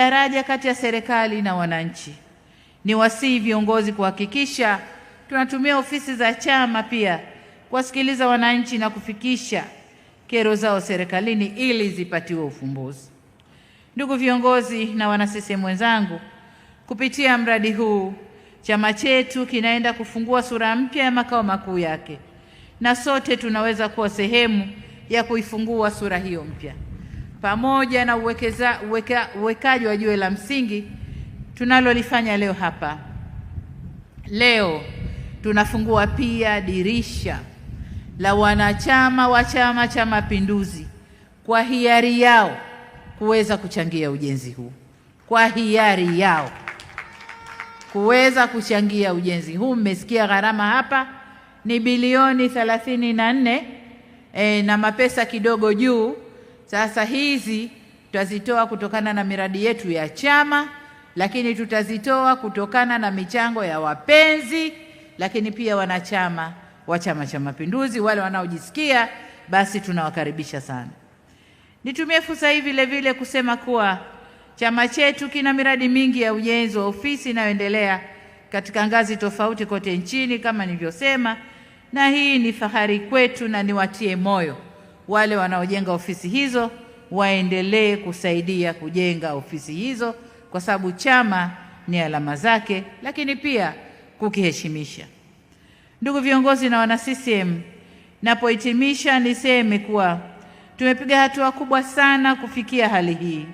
daraja kati ya serikali na wananchi. Ni wasihi viongozi kuhakikisha tunatumia ofisi za chama pia kuwasikiliza wananchi na kufikisha kero zao serikalini ili zipatiwe ufumbuzi. Ndugu viongozi na wanasisemu wenzangu, kupitia mradi huu chama chetu kinaenda kufungua sura mpya ya makao makuu yake na sote tunaweza kuwa sehemu ya kuifungua sura hiyo mpya pamoja na uwekeza, uweka, uwekaji wa jiwe la msingi tunalolifanya leo hapa. Leo tunafungua pia dirisha la wanachama wa Chama cha Mapinduzi kwa hiari yao kuweza kuchangia ujenzi huu, kwa hiari yao kuweza kuchangia ujenzi huu. Mmesikia gharama hapa ni bilioni thelathini na nne e, na mapesa kidogo juu sasa hizi tutazitoa kutokana na miradi yetu ya chama, lakini tutazitoa kutokana na michango ya wapenzi, lakini pia wanachama wa Chama cha Mapinduzi. Wale wanaojisikia basi tunawakaribisha sana. Nitumie fursa hii vile vile kusema kuwa chama chetu kina miradi mingi ya ujenzi wa ofisi inayoendelea katika ngazi tofauti kote nchini kama nilivyosema, na hii ni fahari kwetu na niwatie moyo wale wanaojenga ofisi hizo waendelee kusaidia kujenga ofisi hizo, kwa sababu chama ni alama zake, lakini pia kukiheshimisha. Ndugu viongozi na wana CCM, napohitimisha niseme kuwa tumepiga hatua kubwa sana kufikia hali hii.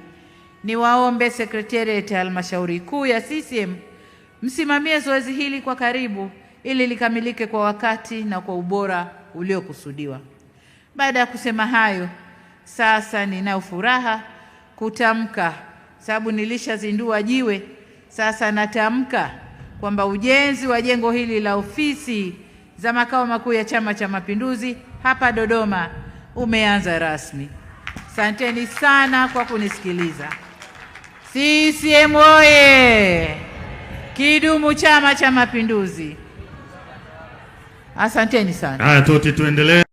Niwaombe sekretarieti ya halmashauri kuu ya CCM msimamie zoezi hili kwa karibu ili likamilike kwa wakati na kwa ubora uliokusudiwa. Baada ya kusema hayo, sasa ninayo furaha kutamka, sababu nilishazindua jiwe. Sasa natamka kwamba ujenzi wa jengo hili la ofisi za makao makuu ya Chama cha Mapinduzi hapa Dodoma umeanza rasmi. Asanteni sana kwa kunisikiliza. CCM oye! Kidumu Chama cha Mapinduzi! Asanteni sana. Haya, tuti tuendelee.